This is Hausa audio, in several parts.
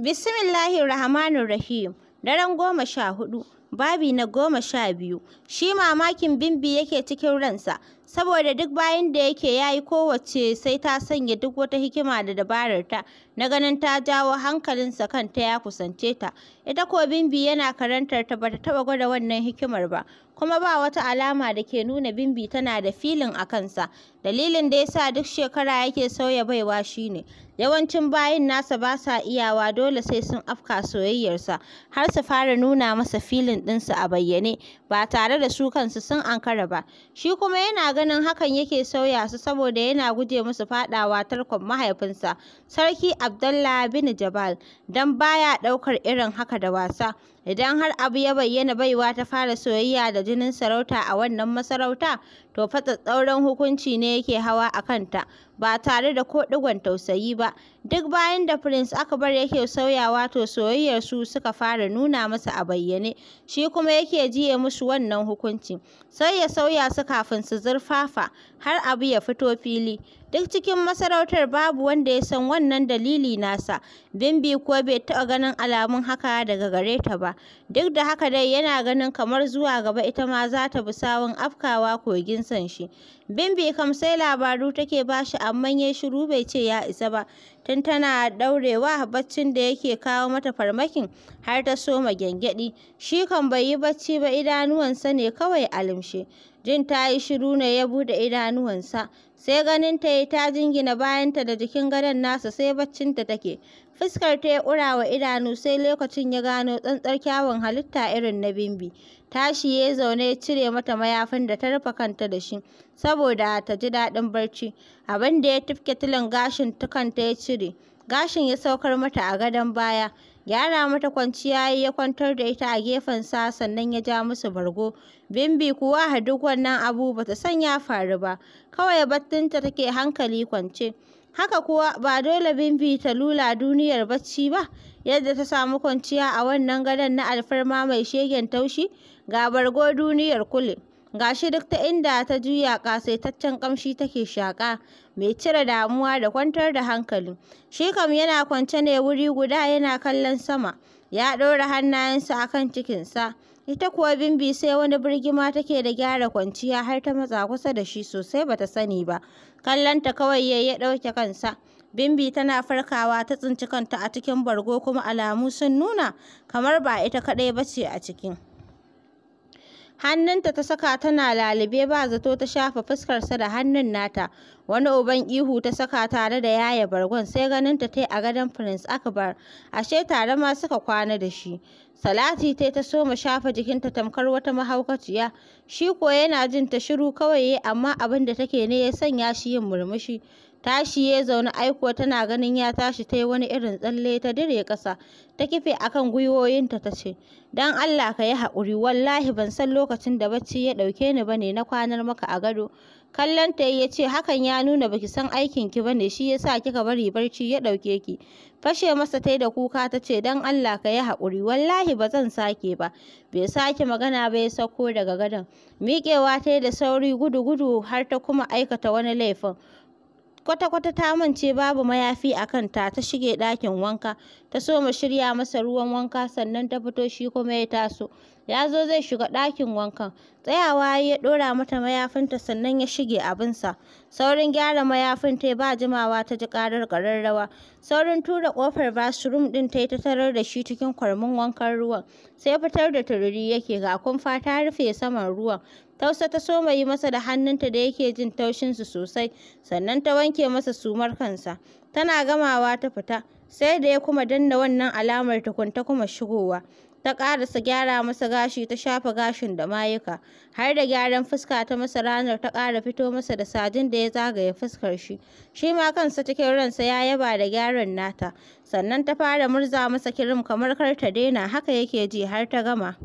Bismillahir Rahmanir Rahim. Daren goma sha hudu, babi na goma sha biyu. Shi mamakin Bimbi yake cikin ransa, saboda duk bayan da yake yi kowace sai ta sanya duk wata hikima da dabarar ta na ganin ta jawo hankalinsa kanta ya kusance ta ita ko Bimbi yana karantar ta bata taba gwada wannan hikimar ba kuma ba wata alama da ke nuna Bimbi tana da filin a kansa dalilin da yasa duk shekara yake sauya baiwa shine yawancin bayan nasa ba sa iyawa dole sai sun afka soyayyarsa har su fara nuna masa filin ɗinsu a bayyane ba tare da su kansu sun ankara ba shi kuma yana ganin hakan yake sauya su saboda yana guje musu fadawa tarkon mahaifinsa sarki abdallah bin jabal don baya daukar irin haka da wasa idan har abu ya bayyana baiwa ta fara soyayya da jinin sarauta a wannan masarauta to fatsatsauran hukunci ne yake hawa a kanta ba tare da ko ɗigon tausayi ba. Duk bayan da Prince bar yake sauyawa to soyayyar su suka fara nuna masa a bayyane, shi kuma yake jiye musu wannan hukunci. Sai ya sauya su kafin su zurfafa har abu ya fito fili. Duk cikin masarautar babu wanda ya san wannan dalili nasa, Bimbi ko bai taɓa ganin alamun haka daga gare ta ba. Duk da haka dai yana ganin kamar zuwa gaba ita ma za ta bi sawun afkawa kogin san shi. Bimbi kam sai labaru take ba shi a amma ya shiru bai ce ya isa ba tun tana daurewa baccin da yake kawo mata farmakin har ta soma gyangyaɗi shi kan bai yi bacci ba idanuwansa ne kawai a limshe jin ta yi shiru ne ya buɗe idanuwansa sai ganin ta yi ta jingina bayanta da jikin gadon nasa sai baccinta take fuskar ta ya ƙura wa idanu sai lokacin ya gano tsantsar kyawun halitta irin na bimbi tashi ya zaune ya cire mata mayafin da ta rufe kanta da shi saboda ta ji daɗin barci. Abin da ya tufke tulin gashin kanta ya cire, gashin ya saukar mata a gadon baya. Gyara mata kwanciya ya kwantar da ita a gefensa sannan ya ja musu bargo. Bimbi kuwa duk wannan abu bata san ya faru ba, kawai battinta take hankali kwance. Haka kuwa ba dole Bimbi ta lula duniyar bacci ba, yadda ta samu kwanciya a wannan gadon na alfarma mai shegen taushi, ga bargo duniyar kule, ga shi duk ta inda ta juya ƙasaitaccen ƙamshi take shaƙa, mai cire damuwa da kwantar da hankali. Shi kam yana kwance ne wuri guda yana kallon sama, ya ɗora hannayensa a kan cikinsa. Ita kuwa Bimbi sai wani birgima take da gyara kwanciya har ta matsa kusa da shi sosai bata sani ba. Kallonta kawai yayi ya ɗauke kansa. Bimbi tana farkawa ta tsinci kanta a cikin bargo kuma alamu sun nuna kamar ba ita kaɗai ce a cikin. hannunta ta saka tana lalube ba zato ta shafa fuskarsa da hannun nata wani uban ihu ta saka tare da yaya bargon sai ganinta ta a gadon prince akbar ashe tare ma suka kwana da shi salati ta ta soma shafa jikinta tamkar wata mahaukaciya shi ko yana jin ta shiru kawai amma abin da take ne ya sanya shi yin murmushi Tashi ya zaune ai tana ganin ya tashi ta yi wani irin tsalle ta dire ƙasa, ta kife a kan gwiwoyinta ta ce, Don Allah ka yi haƙuri, wallahi ban san lokacin da bacci ya ɗauke ni ba ne na kwanar maka a gado. Kallon ta ya ce hakan ya nuna ba ki san aikinki ba ne shi ya sa kika bari barci ya ɗauke ki. Fashe masa ta da kuka ta ce don Allah ka yi haƙuri wallahi ba zan sake ba. Bai sake magana ba ya sauko daga gadon. Miƙewa ta da sauri gudu gudu har ta kuma aikata wani laifin. kwata-kwata ta mance babu mayafi a kanta ta shige ɗakin wanka ta so mu shirya masa ruwan wanka sannan ta fito shi kuma ya taso ya zo zai shiga ɗakin wankan tsayawa ya ɗora mata mayafinta sannan ya shige abinsa Saurin gyara mayafin ta ba jimawa ta ji ƙarar kararrawa Saurin tura ƙofar bathroom ɗin yi ta tarar da shi cikin kwarmin wankan ruwan. Sai fitar da tururi yake ga kumfa ta rufe saman ruwan. Tausa ta soma yi masa da hannunta da yake jin taushin su sosai, sannan ta wanke masa sumar kansa. Tana gamawa ta fita, sai da ya kuma danna wannan alamar tukunta kuma shigowa. ta ƙarasa gyara masa gashi ta shafa gashin da mayuka har da gyaran fuska ta masa ranar ta ƙara fito masa da sajin da ya zagaye fuskar shi shi ma kansa cikin ransa ya yaba da gyaran nata sannan ta fara murza masa kirim kamar kar ta daina haka yake ji har ta gama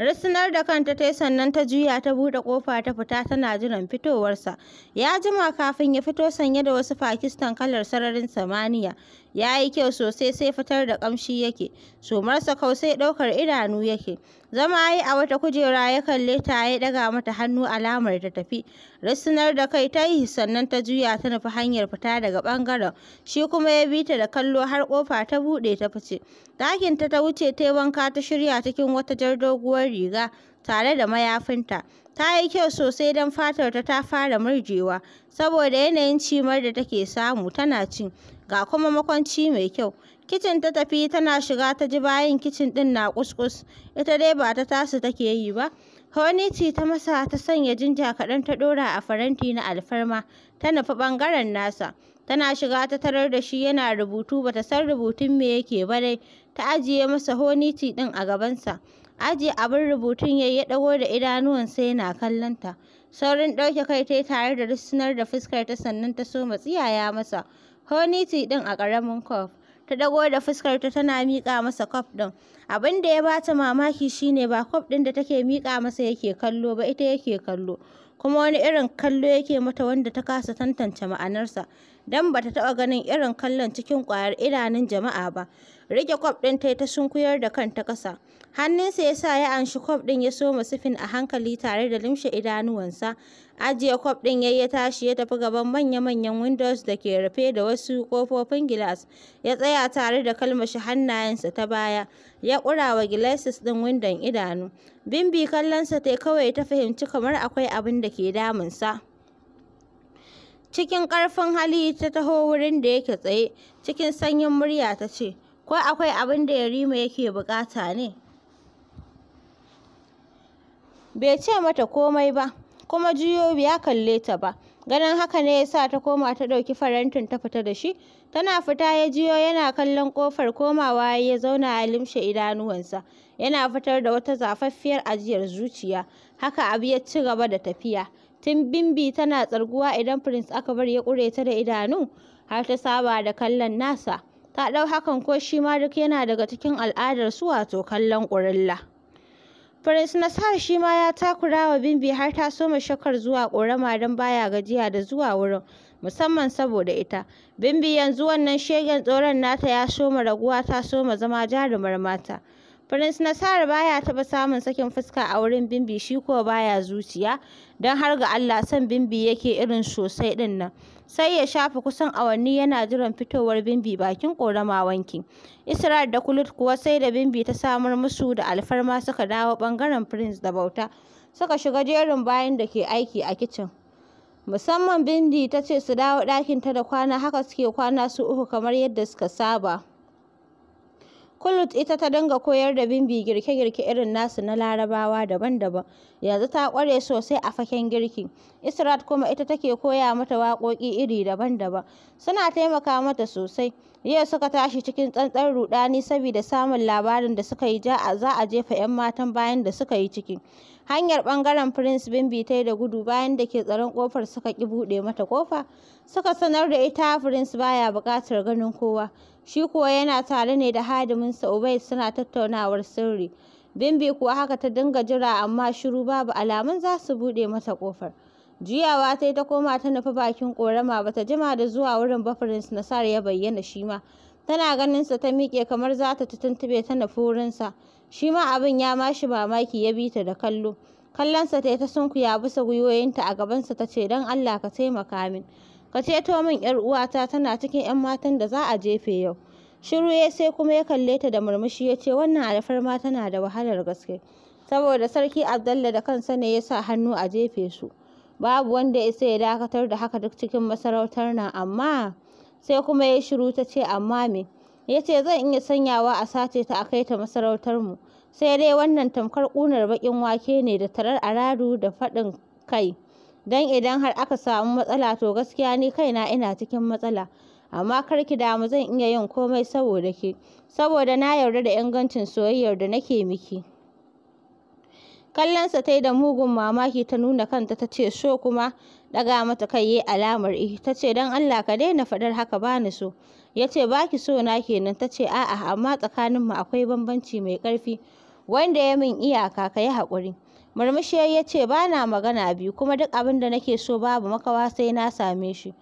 Risinar da kanta ta sannan ta juya ta buɗe ƙofa ta fita tana jiran fitowarsa. Ya jima kafin ya fito sanye da wasu Pakistan kalar sararin samaniya. ya yi kyau sosai sai fitar da ƙamshi yake sumarsa kau sai ɗaukar idanu yake zama yi a wata kujera ya kalle ta ya ɗaga mata hannu alamar ta tafi rissunar da kai ta yi sannan ta juya ta nufi hanyar fita daga ɓangaren shi kuma ya bi ta da kallo har ƙofa ta buɗe ta fice ɗakinta ta wuce ta yi wanka ta shirya cikin wata jar doguwar riga tare da mayafinta ta yi kyau sosai don fatar ta fara murjewa saboda yanayin cimar da take samu tana cin ga kuma makwanci mai kyau kicin ta tafi tana shiga ta ji bayan kicin ɗin na kuskus ita dai ba ta tasu take yi ba Honiti ta masa ta sanya jinja kaɗan ta ɗora a faranti na alfarma ta nufi ɓangaren nasa tana shiga ta tarar da shi yana rubutu bata san rubutun me yake ba dai ta ajiye masa honiti ɗin a gabansa Ajiye abin rubutun ya yi ya ɗago da idanuwansa yana kallon ta. Saurin ɗauke kai ta yi tare da rusunar da fuskar ta sannan ta so ma tsiyaya masa. ni ci ɗin a ƙaramin kwaf. Ta ɗago da fuskarta tana miƙa masa kwaf ɗin. Abin da ya bata mamaki shine ba kwaf ɗin da take miƙa masa yake kallo ba ita yake kallo. Kuma wani irin kallo yake mata wanda ta kasa tantance ma'anarsa. don bata taɓa ganin irin kallon cikin ƙwayar idanun jama'a ba. Rike kwaf ɗin ta ta sunkuyar da kanta ƙasa. Hannunsa ya sa ya anshi kwaf ɗin ya soma sifin a hankali tare da limshe idanuwansa. Ajiye kwaf ɗin ya ya tashi ya tafi gaban manya-manyan windows da ke rufe da wasu ƙofofin gilas. Ya tsaya tare da kalmashi hannayensa ta baya. Ya ƙura wa gilasis ɗin windon idanu. Bimbi kallonsa ta kawai ta fahimci kamar akwai abin da ke damunsa. cikin ƙarfin hali ta taho wurin da yake tsaye cikin sanyin murya ta ce ko akwai abin da yarima yake bukata ne bai ce mata komai ba kuma juyo ya kalle ta ba ganin haka ne ya sa ta koma ta ɗauki farantin ta fita da shi tana fita ya jiyo yana kallon ƙofar komawa ya zauna ya limshe idanuwansa yana fitar da wata zafaffiyar ajiyar zuciya haka abu ya ci gaba da tafiya Tun Bimbi tana tsarguwa idan Prince bar ya ƙure ta da idanu, har ta saba da kallon nasa. Ta ɗau hakan ko shi ma duk yana daga cikin al'adar su wato kallon ƙurilla. Prince Nasar shi ma ya takura wa Bimbi har ta soma shakar zuwa ƙorama don baya gajiya da zuwa wurin, musamman saboda ita. Bimbi yanzu wannan shegen tsoron nata ya soma raguwa ta soma zama jarumar mata. Prince Nasar baya taɓa samun sakin fuska a wurin Bimbi shi ko baya zuciya, don har ga Allah son Bimbi yake irin sosai ɗin nan. Sai ya shafa kusan awanni yana jiran fitowar Bimbi bakin ƙorama wanki. Israel da Kulut kuwa sai da Bimbi ta samar musu da alfarma suka dawo ɓangaren Prince da bauta, suka shiga jerin bayan da ke aiki a kicin. Musamman Bimbi ta ce su dawo ɗakinta da kwana haka suke kwana su uku kamar yadda suka saba. Kulut ita ta dinga koyar da Bimbi girke-girke irin nasu na Larabawa daban-daban, yanzu ta ƙware sosai a faken girki. Israt kuma ita take koya mata waƙoƙi iri daban-daban, suna taimaka mata sosai. Yau suka tashi cikin tsantsan rudani saboda samun labarin da suka yi za a jefa 'yan matan bayan da suka yi ciki. Hanyar ɓangaren Prince Bimbi ta da gudu bayan da ke tsaron kofar suka ki buɗe mata kofa. Suka sanar da ita Prince baya buƙatar ganin kowa. Shi kuwa yana tare ne da hadiminsa Ubaid suna tattaunawar sirri. Bimbi kuwa haka ta dinga jira amma shiru babu alamun za su buɗe mata kofar. Juyawa ta yi ta koma ta nufi bakin ƙorama ba ta jima da zuwa wurin ba Prince Nasar ya bayyana shi ma. Tana ganinsa ta miƙe kamar za ta tuntuɓe ta nufi wurinsa. Shi ma abin ya mashi mamaki ya bi ta da kallo. Kallonsa ta yi ta sunkuya bisa gwiwoyinta a gabansa ta ce don Allah ka taimaka min. Ka ceto min ‘yar uwata tana cikin ‘yan matan da za a jefe yau. Shiru ya sai kuma ya kalle ta da murmushi ya ce wannan ma tana da wahalar gaske. Saboda sarki Abdallah da kansa ne ya sa hannu a jefe su. babu wanda ya isa ya dakatar da haka duk cikin masarautar nan amma sai kuma ya shiru ta ce amma me ya ce zan iya sanyawa a sace ta a kai ta masarautar mu sai dai wannan tamkar ƙunar baƙin wake ne da tarar aradu da faɗin kai dan idan har aka samu matsala to gaskiya ni kaina ina cikin matsala amma kar ki damu zan iya yin komai saboda ke saboda na yarda da ingancin soyayyar da nake miki Kallonsa ta yi da mugun mamaki ta nuna kanta ta ce so kuma ɗaga mata kai yi alamar ihi eh. Ta ce don Allah ka daina faɗar haka ba ni so. Ya ce ba ki so na kenan ta ce a'a amma tsakanin mu akwai bambanci mai ƙarfi wanda ya min iyaka ka yi haƙuri. Murmushi ya ce ba na magana biyu kuma duk abin da nake so babu makawa sai na same shi.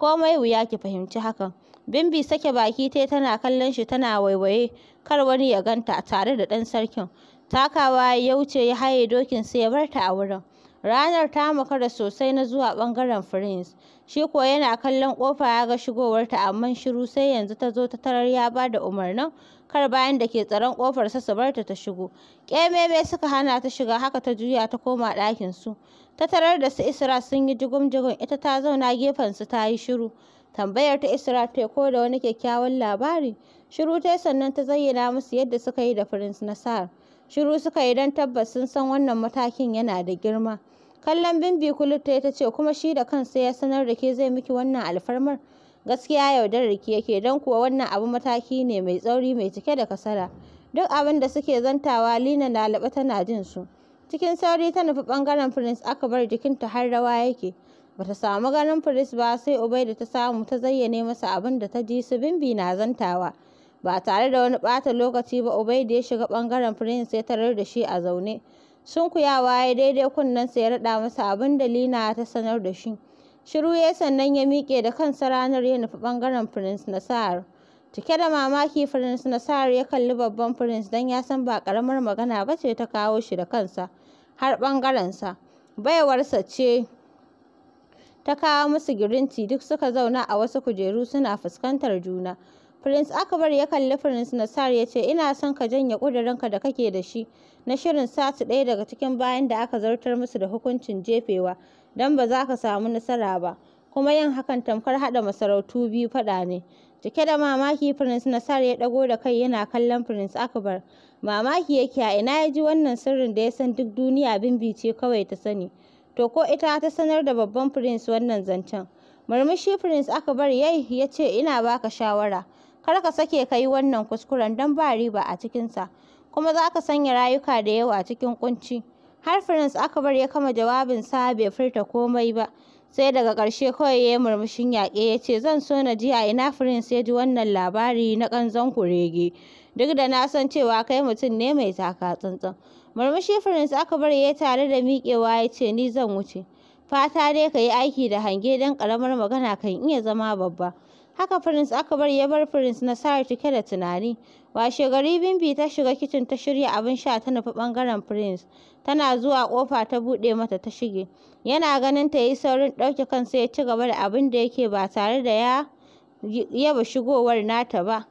Komai wuya ki fahimci hakan. Bimbi sake baki tai tana kallon shi tana waiwaye kar wani ya ganta tare da ɗan sarkin. Takawa ya wuce ya haye dokinsa ya barta a wurin. Ranar ta makara sosai na zuwa bangaren Prince. Shi kuwa yana kallon kofa ya ga shigowarta amma shiru sai yanzu ta zo ta tarar ya ba da umarnin kar bayan da ke tsaron kofar sa su barta ta ta shigo. Ƙememe suka hana ta shiga haka ta juya ta koma su Ta tarar da su Isra sun yi jigum-jigum ita ta zauna gefen su ta yi shiru. Tambayar ta Isra ta ko da wani kyakkyawan labari. Shiru ta sannan ta zayyana musu yadda suka yi da na Nasar. Shiru suka yi don tabbas sun san wannan matakin yana da girma. Kallon Bimbi Kulutta ta ce kuma shi da kansa ya sanar da ke zai miki wannan alfarmar. Gaskiya yaudar da ki yake don kuwa wannan abu mataki ne mai tsauri mai cike da kasara. Duk abin da suke zantawa Lina na laɓa tana jin su. Cikin sauri ta nufi ɓangaren Prince aka bar jikin ta har rawa yake. Bata samu ganin Prince ba sai Ubaida ta samu ta zayyane masa abin da ta ji su Bimbi na zantawa. ba tare da wani ɓata lokaci ba Ubaidi ya shiga ɓangaren Prince ya tarar da shi a zaune sunkuyawa ya daidai kunnensa ya raɗa masa abin da Lina ta sanar da shi shiru ya sannan ya miƙe da kansa ranar ya nufi ɓangaren Prince Nasar cike da mamaki Prince Nasar ya kalli babban Prince don ya san ba ƙaramar magana ba ce ta kawo shi da kansa har ɓangarensa baiwarsa ce ta kawo musu girinti duk suka zauna a wasu kujeru suna fuskantar juna Prince Akbar ya kalli Prince Nasar ya ce ina son ka janye ƙudurinka da kake da shi na shirin sa sati ɗaya daga cikin bayan da aka zartar musu da hukuncin jefewa don ba za ka samu nasara ba kuma yin hakan tamkar haɗa masarautu biyu faɗa ne cike da mamaki Prince Nasar ya ɗago da kai yana kallon Prince Akbar mamaki yake a ina ya ji wannan sirrin da ya san duk duniya bimbi ce kawai ta sani to ko ita ta sanar da babban Prince wannan zancen murmushi Prince Akbar yayi ya ce ina baka shawara kar ka sake ka yi wannan kuskuren don ba riba a cikinsa kuma za ka sanya rayuka da yawa a cikin ƙunci. har prince bar ya kama jawabinsa bai furta komai ba sai daga ƙarshe kawai ya yi murmushin yaƙe ya ce zan so na ji a ina prince ya ji wannan labari na ƙanzon kurege duk da na san cewa kai mutum ne mai taka tsantsan murmushi prince bar ya tare da miƙewa ya ce ni zan wuce fata dai ka yi aiki da hange don ƙaramar magana kan iya zama babba haka prince aka bar ya bar prince nasara cike da tunani washe gari bimbi ta shiga kicin ta shirya abin sha ta nufi ɓangaren prince tana zuwa ƙofa ta buɗe mata ta shige yana ganin ta yi saurin ɗauke kansa ya ci gaba da abin da yake ba tare da ya yaba shigowar nata ba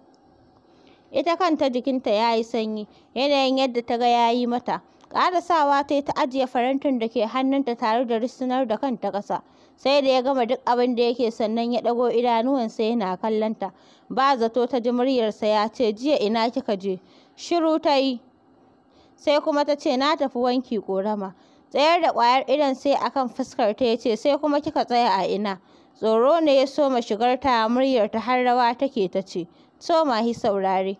ita kanta jikinta ya yi sanyi yanayin yadda ta ga ya yi mata Ƙarasawa ta yi ta ajiye farantin da ke hannunta tare da rissunar da kanta ƙasa. Sai da ya gama duk abin da yake sannan ya ɗago idanuwansa yana kallonta. Ba zato ta ji muryarsa ya ce, jiya ina kika je? Shiru ta yi. Sai kuma ta ce, na tafi wanki ƙorama. Tsayar da ƙwayar idon sai akan fuskar ta ya ce, sai kuma kika tsaya a ina? Tsoro ne ya soma shigar ta muryar ta har rawa take ta ce, soma hi saurare.